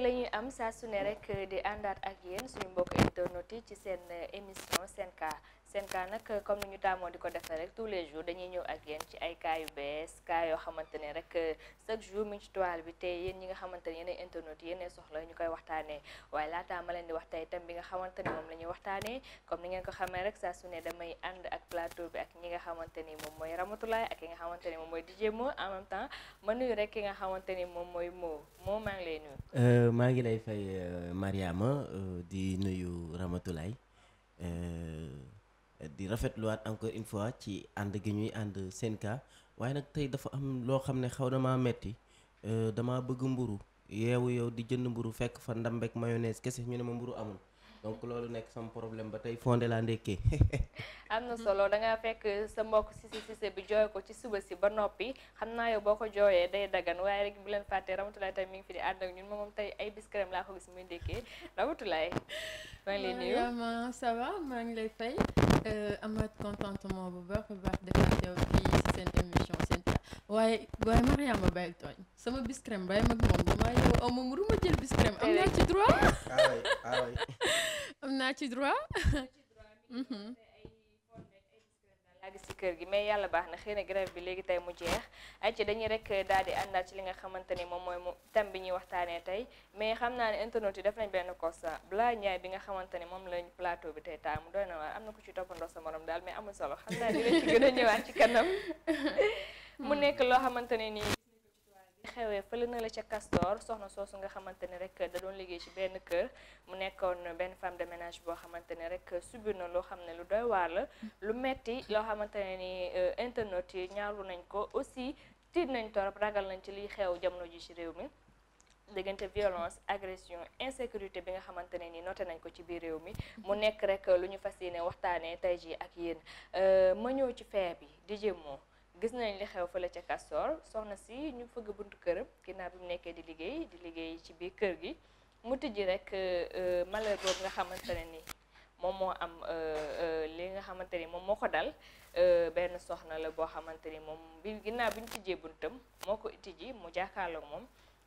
mbégte ñuy am saa su rek di àndaat ak yéen suñu mbokk internautes yi ci seen eh, émission Sen Cas seen cas nag comme ni ñu taamoo di ko defee rek tous les jours dañuy ñëw ak yéen ci ay cas yu bees cas yoo xamante ne rek chaque jour mi ngi ci toile bi te yéen ñi nga xamante ne yéenay internet yéenay soxla ñu koy waxtaane waaye laataa ma leen di wax tey itam bi nga xamante ne moom la ñuy waxtaanee comme ni ngeen ko xamee rek sa su ne damay ànd ak plateau bi ak ñi nga xamante ni moom mooy Ramatoulaye ak ki nga xamante ni moom mooy DJ Mo en même temps ma nuyu rek ki nga xamante ni moom mooy Mo Mo maa ngi lay nuyu. Euh, maa ngi lay fay euh, Mariama euh, di nuyu Ramatoulaye. di rafetluwaat encore une fois ci ànd gi ñuy ànd seen waaye nag tey dafa am loo xam ne xaw damaa metti euh, damaa bëgg mburu yeewu yow di jënd mburu fekk fa ndambek mayonnaise kese ñu ne ma mburu amul donc loolu nekk sama problème ba tey fondé laa ndekkee am na solo da ngaa fekk sa mbokk si Cissé bi ko ci suba si ba noppi xam naa yow boo ko jooyee day dagan waaye rek bu leen fàttee Ramatulaay tey mi ngi fi di ànd ak ñun moom tey ay biscrème laa ko gis muy ndekkee amaat euh, contentement bu baax bu baax dafa teew fii ci seen émission seen ta waaye waaye Mariama bàyyi tooñ sama bis crème bàyyi mag moom damaa yow aw ma mënu ma jël bis crème eh am naa ah ci ah droit am naa ci droit àgg si kër gi mais yàlla baax na xëy na grève bi léegi tey mu jeex ay ci dañuy rek daal di ci li nga xamante moom mooy mu thème bi ñuy waxtaanee tey mais xam naa ne internet yi def nañ benn constat Bla Ndiaye bi nga xamante moom lañ plateau bi tey taamu doy na waar am na ku ci toppandoo sa morom daal mais amul solo xam naa dina ci gën a ñëwaat ci kanam mu nekk loo xamante nii xewee fële na la ca Castor soxna soosu nga xamante ne rek da doon liggéey ci benn kër mu nekkoon benn femme de ménage boo xamante ne rek subir na loo xam ne lu doy waar la lu metti loo xamante ne ni euh, internet yi ñaaru nañ ko aussi tiit nañ torop ragal nañ ci liy xew jamono ji ci réew mi diggante violence agression insécurité bi nga xamante ne ni noté nañ ko ci biir réew mi mu nekk rek lu ñu fas yéene waxtaanee tey jii ak yéen euh, ma ñëw ci fee bi di jëmmoo gis nañ li xew fële ca Castor soxna si ñu fëgg buntu këram ginnaaw bi mu nekkee di liggéey di liggéey ci biir kër gi mu tëjji rek euh, euh, malheur boobu nga xamante ne ni moom moo am euh, li nga xamante ni moom moo ko dal benn soxna la boo xamante ni moom bi ginnaaw bi ñu tijjee buntam moo ko tijji mu jàkkaarlook moom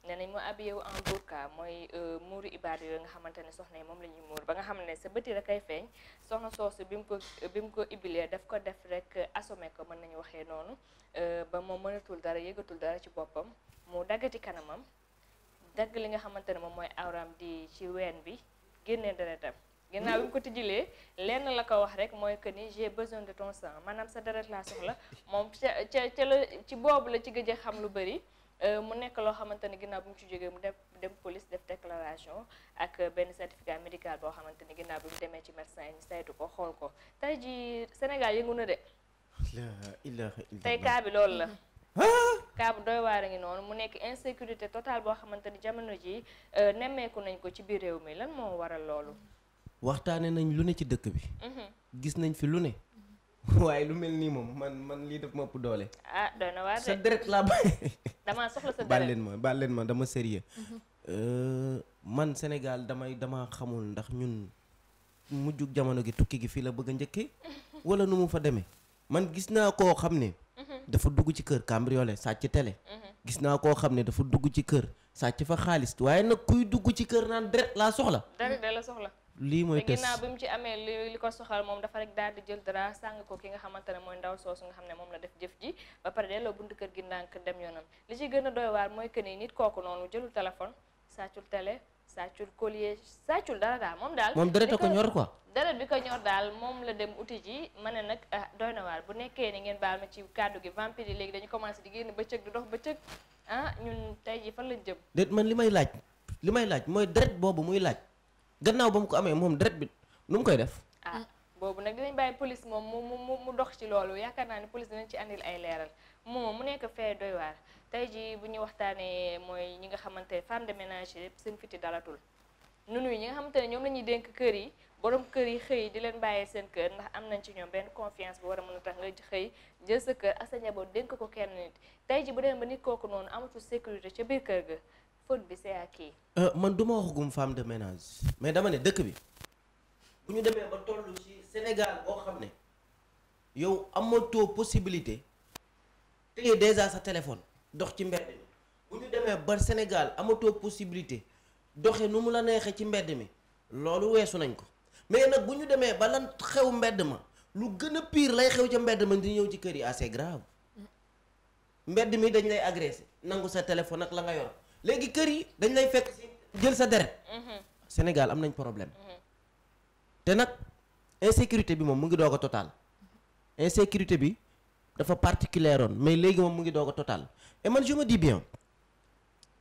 nee nañ mu abiyewu en burka mooy euh, muuru ibaat yooyu nga xamante ne soxna yi moom la ñuy muur ba nga xam ne sa bëti la koy feeñ soxna soosu bi mu ko bi mu ko ibilee daf ko def rek euh, assomé ko mën nañu waxee noonu euh, ba moom mënatul dara yëgatul dara ci boppam mu daggati kanamam dagg li nga xamante ne moom mooy awram di ci ween bi génnee deretam ginnaaw bi mu ko tijjilee lenn la ko wax rek mooy que ni j'ai besoin de ton sang maanaam sa deret laa soxla moom ca ca ca la ci boobu la ci gëj a xam lu bëri Euh, mu nekk loo xamante ne ginnaaw bu mu ci jógee mu dem dem police def déclaration ak euh, benn certificat médical boo xamante ne ginnaaw bi mu demee ci médecin yi saytu ko xool ko tey jii Sénégal yëngu na de. tey cas bi loolu la. kaabu ah! doy waar a ngi noonu mu nekk insécurité totale boo xamante ni jamono ji euh, nemmeeku nañ ko ci biir réew mi lan moo waral loolu. waxtaane nañ lu ne ci dëkk bi. Mhm. gis nañ fi lu ne. waaye lu mel nii moom man man lii daf ma ëpp doole. ah doy na waar sa deret laa bàyyi. damaa leen ma baal leen ma dama sérieux. Mhm. Euh, man senegal damay dama xamul ndax ñun mujjug jamono gi tukki gi fii la bëgg a njëkkee wala nu mu fa demee man gis naa koo xam ne. Mhm. dafa dugg ci kër cambriolé sàcc tele mhm. gis naa koo xam ne dafa dugg ci kër sàcc fa xaalis waaye nag kuy dugg ci kër naan deret laa soxla. deret la soxla. lii mooy test ginnaaw bi mu ci amee li ko soxal moom dafa rek daal di jël dara sàng ko ki nga xamante ne mooy ndaw soosu nga xam ne moom la def jëf ji ba pare delloo buntu kër gi ndànk dem yoonam li ci gën a doy waar mooy que ni nit kooku noonu jëlul téléphone sàccul télé sàccul collier sàccul dara daal moom daal. moom deret a ko ñor quoi. deret bi ko ñor daal moom la dem uti ji ma ne nag ah doy na waar bu nekkee ni ngeen baal ma ci kàddu gi vampire léegi dañu commencé di génn bëccëg di dox bëccëg ah ñun tey ji fan lañ jëm. déet man li may laaj li may laaj mooy deret boobu muy laaj gannaaw ba mu ko amee moom deret bi nu mu koy def. ah boobu nag dinañ bàyyi police moom mu mu mu dox ci loolu yaakaar naa ne police dinañ ci andil ay leeral moom mu nekk fee doy waar tey jii bu ñu waxtaanee mooy ñi nga xamante ne femme de ménage yëpp seen fiti dalatul. nu yi ñi nga xamante ne ñoom la ñuy dénk kër yi borom kër yi xëy di leen bàyyee seen kër ndax am nañ ci ñoom benn confiance bu war a mun a tax nga xëy jël sa kër ak sa njaboot dénk ko kenn tey ji bu ba nit kooku noonu amatul sécurité ca biir kër ga faute bi euh, man du ma waxagum femme de ménage mais dama ne dëkk bi bu ñu demee ba tollu ci Sénégal boo xam ne yow amatoo possibilité téye déjà sa téléphone dox ci mbedd mi bu ñu demee ba Sénégal amatoo possibilité doxe nu mu la neexee ci mbedd mi loolu weesu nañ ko mais nag bu ñu demee ba lan xew mbedd ma lu gën a pire lay xew ca mbedd ma di ñëw ci kër yi assez ah, grave mbedd mi dañ lay agressé nangu sa téléphone ak la nga yor. léegi kër yi dañ lay fekk jël sa deret mhm. Sénégal am nañ problème mhm. te nag insécurité bi moom mu ngi doog a total insécurité bi dafa particulière oon mais léegi moom mu ngi doog a total et man je bien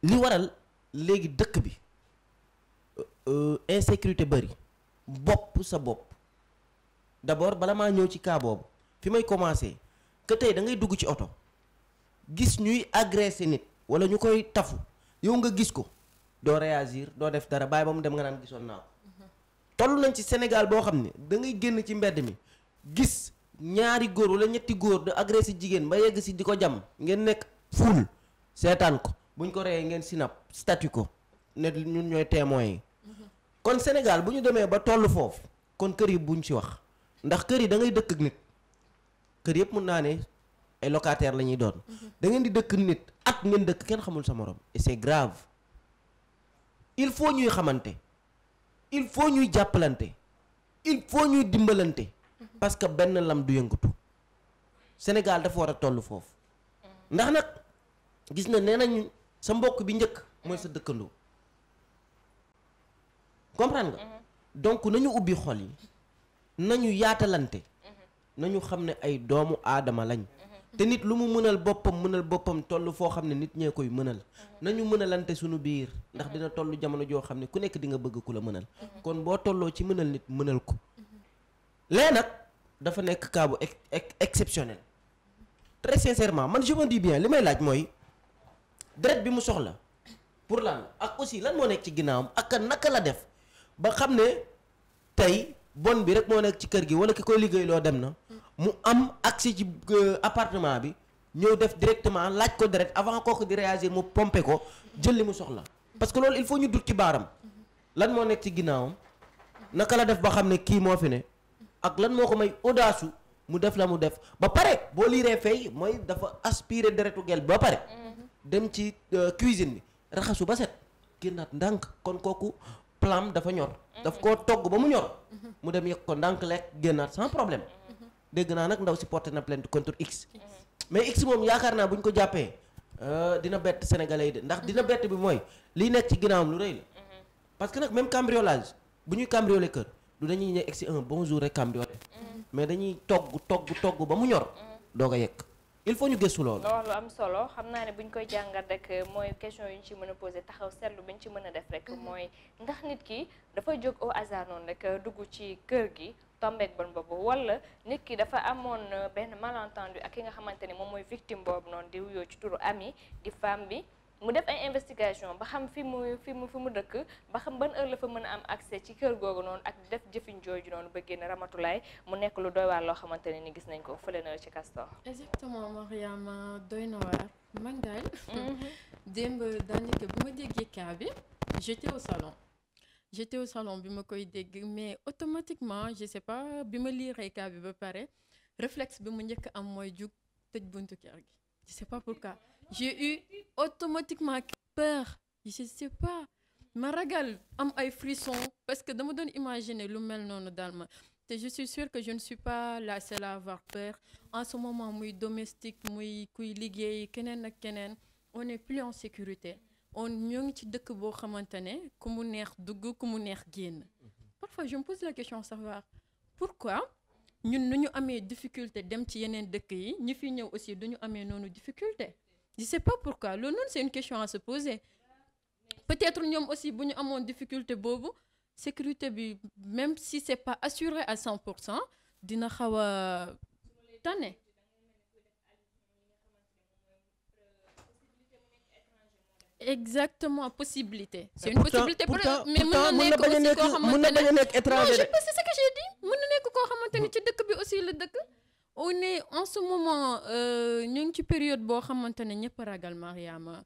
li waral léegi dëkk bi euh, euh, insécurité bëri bopp sa bopp d'abord bala maa ñëw ci cas boobu fi may commencer que tey da ngay dugg ci oto gis ñuy agressé nit wala ñu koy tafu yow nga gis ko doo réagir doo def dara bàyyi ba mu dem nga naan gisoon naa ko toll nañ ci Sénégal boo xam ne dangay génn ci mbedd mi gis ñaari góor wala ñetti góor di agressé jigéen ba yegg si di ko jam ngeen nekk ful seetaan ko buñ ko reyee ngeen sinap statut ko ne ñun ñooy témoins yi kon Sénégal bu ñu demee ba toll foofu kon kër yi buñ ci wax ndax kër yi da ngay dëkk ak nit kër yëpp mun naa ne ay locataire la doon. Mhm. da ngeen di dëkk nit ak ngeen dëkk kenn xamul sa morom et grave il faut ñuy xamante il faut ñuy jàppalante il faut ñuy dimbalante mhm. parce que benn lam du yëngatu Sénégal dafa war a toll foofu mhm. ndax nag gis na nee nañu sa mbokk bi njëkk mooy sa dëkkandoo comprendre nga donc nañu ubbi xol yi nañu yaatalante nañu xam ne ay doomu aadama lañ te nit lu mu mënal boppam mënal boppam toll foo xam ne nit ñee koy mënal nañu mënalante suñu biir ndax dina tollu jamono joo xam ne ku nekk dinga bëgg ku la mënal kon boo tolloo ci mënal nit mënal ko lee nag dafa nekk cas bu exceptionnel très sincèrement man je di bien li may laaj mooy deret bi mu soxla pour lan ak aussi lan moo nekk ci ginnaawam ak naka la def ba xam ne tey bon bi rek moo nekk ci kër gi wala ki koy liggéey loo dem na mu am accès ci euh, appartement bi ñëw def directement laaj ko direct avant kooku di réagir mu pompe ko jël li mu soxla parce que loolu il faut ñu dut ci baaram lan moo nekk ci ginnaawam naka la def ba xam ne kii moo fi ne ak lan moo ko may audace mu def la mu def ba pare boo liiree fay mooy dafa aspirer deretu gel ba pare dem ci euh, cuisine bi raxasu ba set génnaat ndànk kon kooku plan dafa ñor daf koo togg ba mu ñor mu dem yëg ko ndànk lekk génnaat sans problème dégg naa nag ndaw si porté na plainte contre X. mais X moom yaakaar naa bu ñu ko jàppee euh, dina bett sénégalais yi de ndax dina bett bi mooy liy nekk ci ginnaawam lu rëy la. parce que nag même cambriolage bu ñuy cambriolé kër du dañuy nekk si un bon jour rek cambriolé. mais dañuy togg togg togg ba mu ñor. doog a yekk il faut ñu gëstu loolu. nga lu am solo xam naa ne bu ñu koy jàngat rek euh, mooy question yu ñu ci mën a posé taxaw seetlu bi ñu ci mën a def rek mhm. mooy ndax nit ki dafa jóg au hasard noonu euh, dugg ci kër gi. tombeek bon boobu wala nit ki dafa amoon euh, benn malentendu ak ki nga xamante ni moom mooy victime boobu noonu di wuyoo ci turu ami di femme bi mu def ay investigation ba xam fi mu fi mu mu dëkk ba xam ban heure la fa mën a am accès ci kër googu noonu ak def jëfin jooju noonu ba génn ramatulaay mu nekk lu doy waar loo xamante ne ni gis nañ ko fële na ci Castor. exactement Mariama doy na waar man daal. Mhm. démb daanaka bu ma déggee cas bi j'étais salon. j'étais au salon bi ma koy dégg mais automatiquement je sais pas bi ma liiree ka bi ba pare réflexe bi mu njëkk am mooy jug tëj buntu kër gi je sais pas pourquoi j'ai eu automatiquement peur je sais pas ma ragal am ay frissons parce que dama doon imaginer lu mel noonu daal ma te je suis sûre que je ne suis pas la seule à avoir peur en ce moment muy domestique muy kuy liggéey keneen ak keneen on n'est plus en sécurité on ñoo ngi ci dëkk boo xamante ne ku mu neex dugg ku mu neex génn parfois je me pose la question savoir pourquoi ñun nu ñu amee difficulté dem ci yeneen dëkk yi ñi fi ñëw aussi du ñu amee noonu difficulté je sais pas pourquoi loolu noonu c'est une question à se poser peut-être ñoom aussi bu ñu amoon difficulté boobu sécurité bi même si c'est pas assuré à 100 pour cent dina xaw a tane exactement possibilité. c'est une possibilité pour mais mën na nekk aussi koo xamante ne mën na bañ a nekk étranger non c'est ce que j'ai dit mën na nekk koo xamante ne ci dëkk bi aussi la dëkk. on est en ce moment euh, ñu ngi ci période boo xamante ne ñëpp ragal Mariama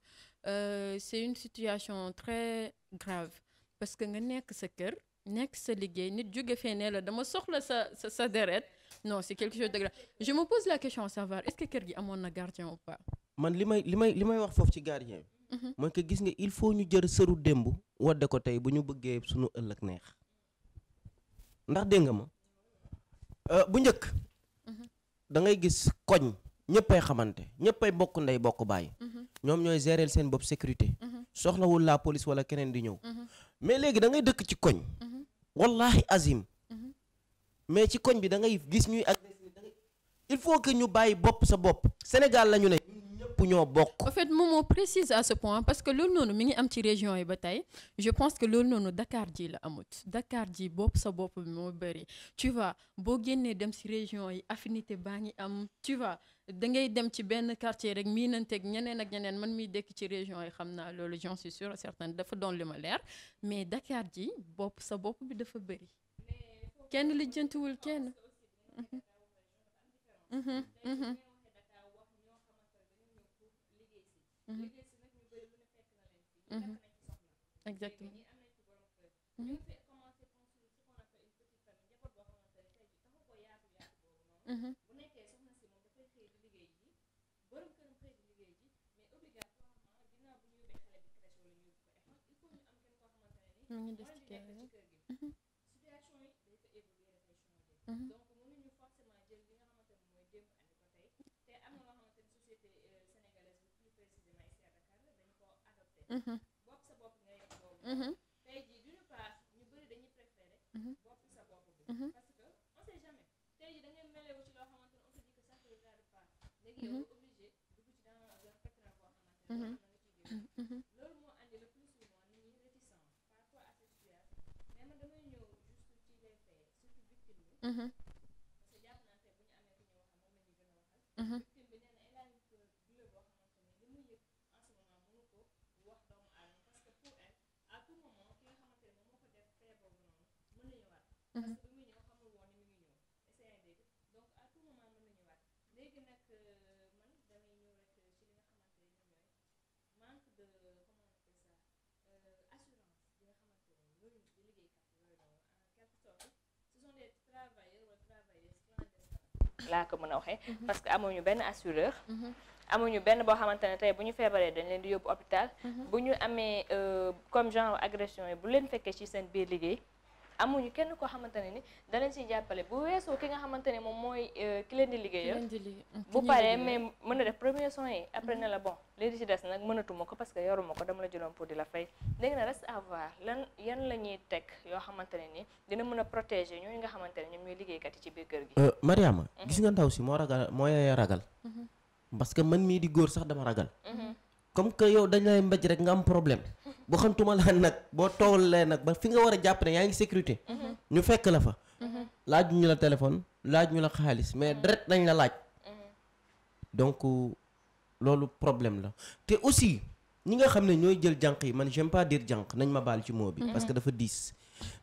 euh, c'est une situation très grave parce que nga nekk sa kër nekk sa liggéey nit jóge fee ne la dama soxla sa sa sa deret non c'est quelque chose de grave je me pose la question savoir est-ce que kër gi amoon na gardien ou pas. man li may li may li may wax foofu ci gardien. Mm-hmm. mooy que gis nga il faut ñu jër sëru démb wadde ko tey bu ñu bëggee suñu ëllëg neex ndax dégg nga ma euh, bu njëkk mm-hmm. dangay ngay gis koñ ñëppay xamante ñëppay bokk ndey bokk bàyyi mm-hmm. ñoom ñooy gérer seen bopp sécurité soxlawul la police wala keneen di ñëw mais léegi da dëkk ci koñ wallahi azim mais ci koñ bi dangay gis ñuy ak il faut que ñu bàyyi bopp sa bopp Sénégal la ne ñoo bokk. en fait moom moo précise à ce point parce que loolu noonu mi ngi am ci région yi ba tey je pense que loolu noonu Dakar ji la amut dakaar ji bopp sa bopp bi moo bëri tu vois boo génnee dem si région yi affinité baa ngi am tu dangay dem ci benn quartier rek miinanteeg ñeneen ak ñeneen man miy dekk ci région yi xam naa loolu j'en suis sûre certaine dafa doon li ma leer mais Dakar ji bopp sa bopp bi dafa bëri kenn lijjantiwul kenn. exactement mu ngi des ci kër Mm-hmm. bopp sa bopp nga yegg boobu. Mm-hmm. tey jii du ñu paas ñu bëri dañuy préféré. Mm-hmm. bopp sa bopp parce que on sait jamais tey jii da ngay melewu ci loo xamante ne on se dit que ça ne regarde pas. léegi yow obligé dugg ci dans un pétrin boo xamante ne. Mm-hmm. laa ko mën a waxee mm-hmm. parce que amuñu benn assureur mm-hmm. amuñu benn boo xamante ne tey bu ñu feebaree dañ leen di yóbbu hôpital bu ñu amee euh, comme genre agression yi bu leen fekkee ci seen biir liggéey amuñu kenn koo xamante ne ni danañ ci jàppale bu weesoo ki nga xamante ne moom mooy euh, ki leen di liggéeyal mm, bu paree mais mën a def premier soins yi après mm-hmm. ne la bon léegi ci des nag mënatuma ko parce que yoruma ko dama la jëloon pour di la fay léegi na reste à lan yan la ñuy teg yoo xamante ne ni dina mën a protéger ñooñu nga xamante ne ñoom ñooy liggéeykat yi ci biir kër gi euh, Mariama mm-hmm. gis nga ndaw si moo ragal mooy ragal mm-hmm. parce que man mii di góor sax dama ragal comme que yow dañ lay mbéj rek nga am problème boo xamtuma la nag boo toolee nag ba fi nga war a jàpp ne yaa ngi sécurité ñu fekk la fa laaj ñu la téléphone laaj ñu la xaalis mais deret nañ la laaj donc loolu problème la te aussi ñi nga xam ne ñooy jël jànq yi man j'aime pas dire jànq nañ ma baal ci moo bi parce que dafa diis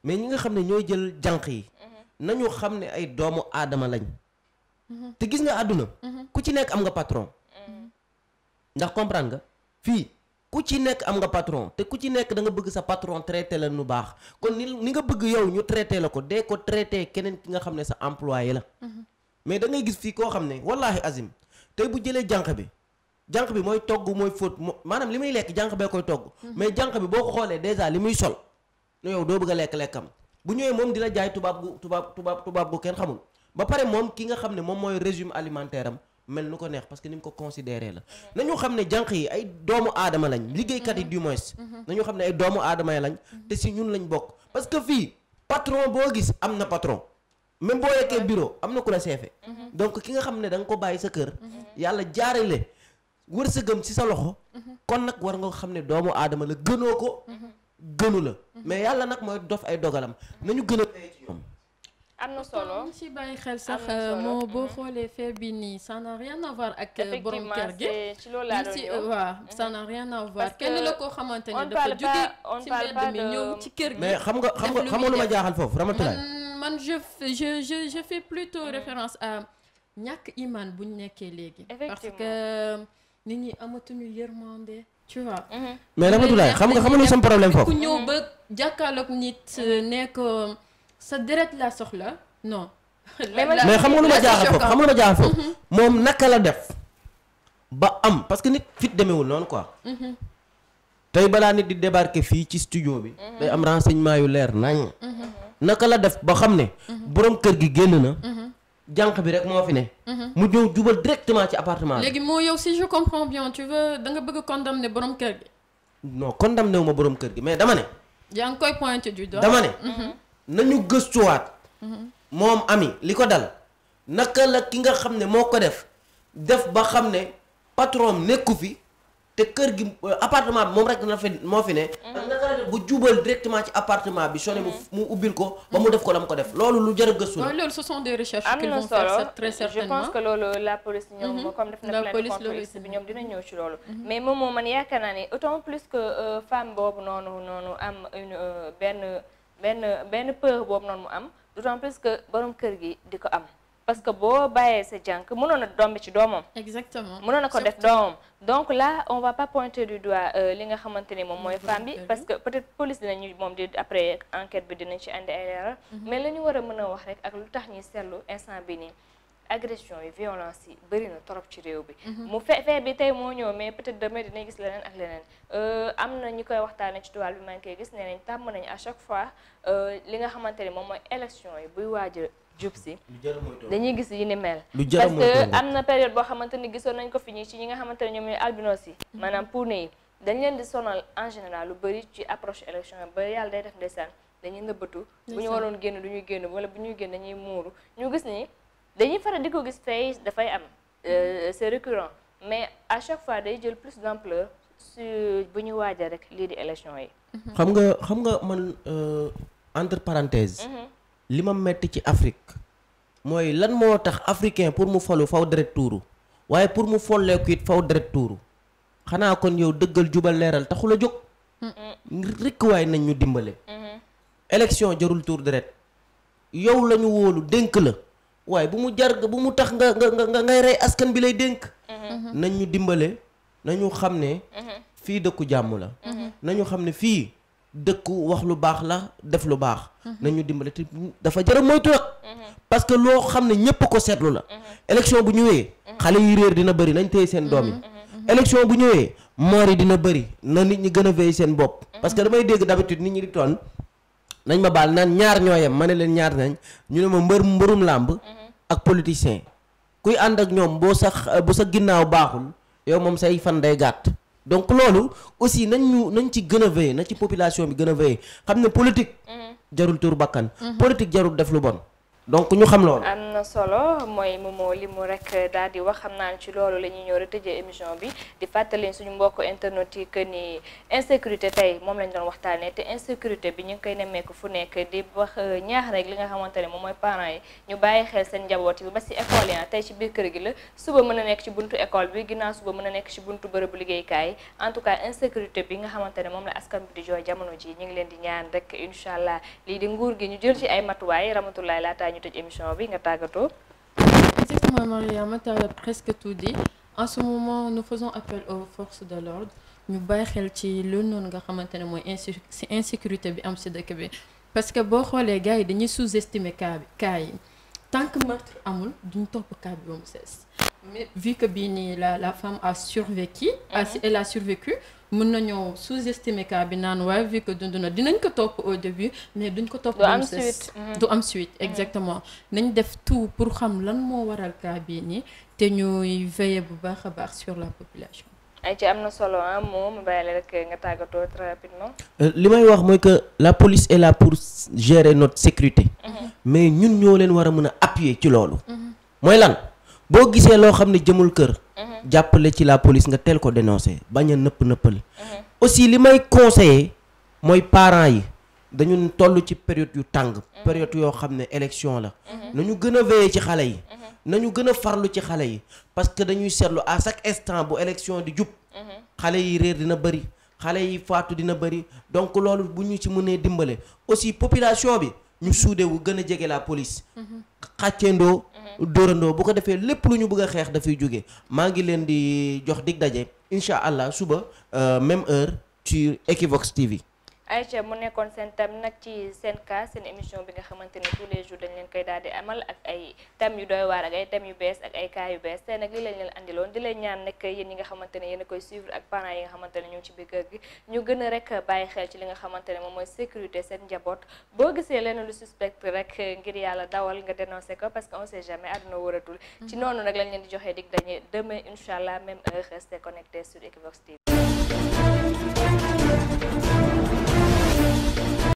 mais ñi nga xam ne ñooy jël jànq yi nañu xam ne ay doomu aadama lañ te gis nga àdduna ku ci nekk am nga patron ndax comprendre fii ku ci nekk am nga patron te ku ci nekk da nga bëgg sa patron traité la nu baax kon ni ni nga bëgg yow ñu traité la ko dee ko traité keneen ki nga xam ne sa employé la mm-hmm. mais da ngay gis fii koo xam ne wallaahi azim tey bu jëlee jànq bi jànq bi mooy togg mooy fóot maanaam li muy lekk jànq bee koy togg mm-hmm. mais jànq bi boo ko xoolee dèjà li muy sol ne yow doo bëgg a lekk-lekkam bu ñëwee moom dina jaay tubaab gu tubaab tubaab tubaab gu kenn xamul ba pare moom ki nga xam ne moom mooy régime alimentaire am mel nu ko neex parce que ni mu ko considéré la nañu xam ne jànq yi ay doomu aadama lañ liggéeykat yi mhm. du moins mhm. nañu xam ne ay doomu aadama lañ mhm. te si ñun lañ bokk parce que fii patron boo gis am na patron même boo yekkee bureau am na ku la seefe donc ki nga xam ne da ko bàyyi sa kër yàlla jaarale gëm ci sa loxo kon nag war nga xam ne doomu aadama la gënoo ko gënu la mais yàlla nag mooy dof ay dogalam nañu gën a ci am na solo am ci bàyyi xel sax moo mm-hmm. boo xoolee fee bi nii ça n'a rien à voir ak euh, borom kër mm-hmm. kenn la koo xamante ne dafa jóge ci mbedd mi ñëw ci kër gi mais xam nga xam nga xamoon na ma jaaxal foofu ramatulaay man je je je je fais plutôt mm-hmm. référence à ñàkk iman bu ñu nekkee léegi parce que nit ñi amatuñu yërmande tu vois mais ramatulaay xam nga xamoon na sama problème foofu ku ñëw ba jàkkaarloog nit euh, ne sa deret laa soxla non. mais xam nga lu ma jaaxal foofu xam nga lu ma moom naka la def ba am parce que nit fit demewul noonu quoi. Mm-hmm. tey balaa nit di débarquer fii ci studio bi. Mm-hmm. day am renseignement yu leer nañ mm-hmm. naka la def ba xam ne. borom kër gi génn na. jànq bi rek moo fi ne. mu ñëw jubal directement ci appartement bi. léegi moo yow si je comprends bien tu veux da nga bëgg a condamner borom kër gi. non condamné wu ma borom kër gi mais dama ne. yaa ngi koy pointé nañu gëstuwaat. moom ami li ko dal naka la ki nga xam ne moo ko def def ba xam ne patron nekku fi te kër gi euh, appartement bi moom rek na fi moo fi ne. Mhm. bu jubal directement ci appartement bi. sonné mu mhm. ubbil ko ba mu def ko la mu ko def loolu lu jar gëstu la. loolu ce sont des recherches qu'ils vont faire très certainement am na solo je pense que loolu la police ñoom. Mhm. comme def na plainte police bi ñoom dinañ ñëw ci loolu. mais moom moo man yaakaar naa ne autant plus que euh, femme boobu noonu noonu am une euh, benn. benn benn peur boobu noonu mu am d'autant plus que borom kër gi di ko am parce que boo bàyyee sa jànq mënoon na dombi ci doomam. exactement mënoon na ko def doomam. donc là on va pas pointer du doigt euh, li nga xamante ni moom mooy femme bi parce que peut-être police ñu moom di après enquête bi dinañ ci indi ay leeral. Mhm. mais la ñu war a mën a wax rek ak lu tax ñuy seetlu instant bi nii. agression yi violence yi bëri na torop ci réew bi mhm. mu fefee bi tey moo ñëw mais peut-être demain dinañ gis leneen ak leneen euh, am na ñu koy waxtaanee ci tubaab bi maa ngi koy gis nee nañ tàmm nañ à chaque fois euh, li nga xamante ni moom mooy élection yi buy waaj a jub si dañuy gis yi ni mel parce que am na période boo xamante ni gisoon nañ ko fi ñi ci ñi nga xamante ne ñoom ñooy albinos yi mhm. maanaam puune yi dañ leen di sonal en général lu bëri ci approche élection yi ba yàlla day def ndeysaan dañuy nëbbatu bu ñu waroon génn du ñuy génn wala bu ñuy génn dañuy muuru ñu gis ni dañuy faral di ko gis tey dafay am euh, c'est récurrent mais à chaque fois day jël plus d'ampleur bu ñu waajal rek lii di élection yi. Mm-hmm. xam nga xam nga man euh, entre parenthèses. Mm-hmm. li ma metti ci Afrique. mooy lan moo tax africain pour mu falu faw deret tuuru waaye pour mu folleeku it faw deret tuuru xanaa kon yow dëggal jubal leeral taxul a jóg mm-hmm. rikk waay nañ ñu dimbale élection jarul tuur deret yow la ñu wóolu dénk la waaye bu mu jar bu mu tax nga nga nga ngay rey askan bi lay dénk. Mhm. nañ ñu dimbale nañu xam ne. Mhm. fii dëkku jàmm la. Mhm. nañu xam ne fii dëkku wax lu baax la def lu baax. nañu dimbale te dafa jar a moytu nag. parce que loo xam ne ñëpp ko seetlu la. election bu ñëwee. xale yi réer dina bëri nañ téye seen doom yi. élection bu ñëwee moor yi dina bëri na nit ñi gën a veillé seen bopp. parce que damay dégg d'habitude nit ñi di ton nañ ma baal naan ñaar ñooyam ma ne leen ñaar nañ ñu ne ma mbër mbërum làmb mhm. ak politicien kuy ànd ak ñoom boo sax bu sa ginnaaw baaxul yow moom say fan day gàtt donc loolu aussi nañ nañ ci gën a veiller na ci population bi gën a veiller xam ne politique mhm. jarul tur bakkan mhm. politique jarul def lu bon donc ñu xam loolu na solo mooy moomoo li mu rek daal di wax xam naa ne ci loolu la ñuy ñëw rek tëjee émission bi di fàttali suñu mbokk internet yi que ni insécurité tey moom lañ doon waxtaanee te insécurité bi ñu ngi koy nemmeeku fu nekk di wax euh, ñaax rek yi ñu bàyyi xel seen njaboot yi ba si école yi ah, tey ci biir kër gi la suba mën a nekk ci buntu école bi ginna suba mën a nekk ci buntu bërëbu liggéeykaay en tout cas insécurité bi nga xamante moom la askan bi di jooy jamono ji ñu ngi leen di ñaan rek incha allah lii di nguur gi ñu jël ci ay matuwaay ramatulaay laataa ñu bi plateau. Exactement, Mariama, tu as presque tout dit. En ce moment, nous faisons appel aux forces de l'ordre ñu bàyyi xel ci loolu noonu nga xamante ne mooy insécurité bi am si dëkk bi parce que boo xoolee gars yi dañuy sous-estimer cas bi yi tant que meurtre amul duñ topp cas bi sees mais vu que nii la la femme a survécu. Mhm. elle a survécu. mën nañoo sous-estimer cas bi naan waaye vu que dund na dinañ ko topp au début mais duñ ko topp. du am suite mm-hmm. du am exactement. Mm-hmm. nañ def tout pour xam lan moo waral cas bii nii te ñuy veiller bu baax a baax sur la population. ay ci am na solo ah moom bàyyi la rek nga tàggatoo très rapidement. Euh, li may wax mooy que la police et la pour gérer not sécurité. Mm-hmm. mais ñun ñoo leen war a mën a appuyer ci loolu. mooy lan boo gisee loo xam ne jëmul kër. Mhm. jàppale ci la police nga teel ko dénoncé bañ a nëpp nëppal. Mhm. aussi li may conseillé mooy parents yi dañu toll ci période yu tàng. Mhm. période yoo xam ne élection la. nañu gën a veillé ci xale yi. nañu gën a farlu ci xale yi parce que dañuy seetlu à chaque instant bu élection di jub. xale yi réer dina bëri. xale yi faatu dina bëri donc loolu bu ñu ci mënee dimbale aussi population bi ñu suude wu gën a jege la police. xàcceendoo dóorandoo bu ko defee lépp lu ñu bëgg a xeex dafay jóge maa ngi leen di jox dig daje incha allah suba euh, même heure ci Equivox TV. ay ayca mu nekkoon seen tam nag ci seen cas seen émission bi nga xamante ni tous les jours dañ leen koy daal di amal ak ay thèmes yu doy waar ak ay thèmes yu bees ak ay cas yu bees tey nag li lañ leen indiloon di leen ñaan nekk yéen ñi nga xamante ne yéen a koy suivre ak parents yi nga xamante ne ñu ci biir kër gi ñu gën rek bàyyi xel ci li nga xamante ne moom mooy sécurité seen njaboot boo gisee leen lu suspect rek ngir yàlla dawal nga dénoncé ko parce que on sait jamais àdduna waratul ci mhm. noonu di joxee dig dañuy demain incha allah même